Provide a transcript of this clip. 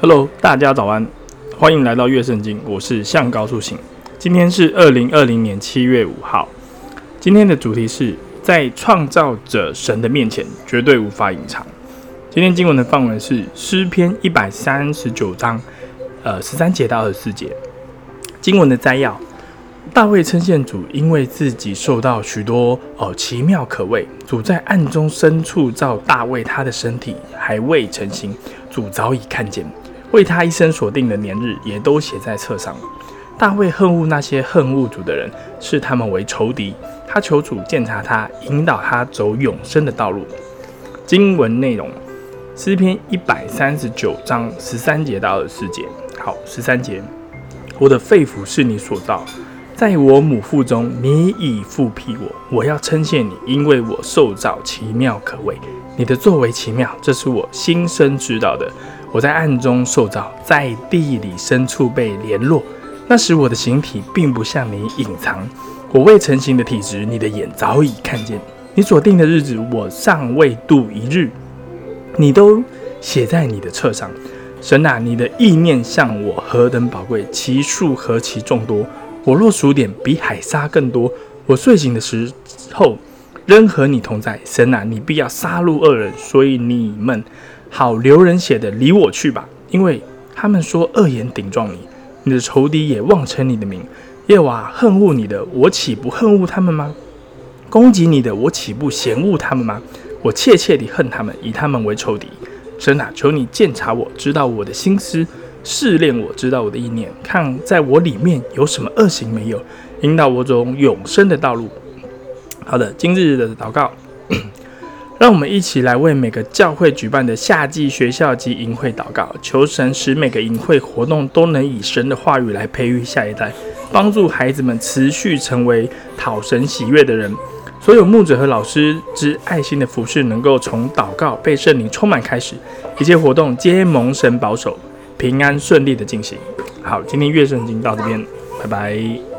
Hello，大家早安，歡迎來到樂聖經，我是向高樹行，今天是二零二零年七月五號，今天的主題是在創造者神的面前絕對無法隱藏。今天經文的範圍是詩篇一百三十九章，呃，十三節到二十四節。經文的摘要。大衛稱謝主，因為自己受造是多麼奇妙可畏。主在暗中深處造大衛，他的身體還未成形，主早已看見，為他一生所定的年日也都寫在冊上。大衛恨惡那些恨惡主的人，視他們為仇敵。他求主鑒察他，引導他走永生的道路。經文內容：詩篇一百三十九章十三節到二十四節。好，十三節，我的肺腑是你所造。在我母腹中，你已覆庇我。我要稱謝你，因為我受造奇妙可畏，你的作為奇妙。這是我心深知道的。我在暗中受造，在地裡深處被聯絡。那時我的形體並不向你隱藏，我未成形的體質，你的眼早已看見。你所定的日子，我尚未度一日，你都寫在你的冊上。神啊，你的意念向我何等寶貴，其數何其眾多。我若數點比海沙更多，我睡醒的時候仍和你同在。神啊，你必要殺戮惡人，所以你們好流人血的離我去吧，因為他們說惡言頂撞你，你的仇敵也妄稱你的名。耶和華恨惡你的，我豈不恨惡他們嗎？攻擊你的，我豈不嫌惡他們嗎？我切切地恨他們，以他們為仇敵。神啊，求你鑒察我，知道我的心思。試煉我，知道我的意念，看在我裡面有什麼惡行沒有，引導我走永生的道路。好的，今日的禱告， 讓我們一起來為每個教會舉辦的夏季學校及營會禱告，求神使每個營會活動都能以神的話語來培育下一代，幫助孩子們持續成為討神喜悅的人。所有牧者和老師之愛心的服事能夠從禱告被聖靈充滿開始，一切活動皆蒙神保守。平安順利的進行。好，今天樂聖經就到這邊，拜拜。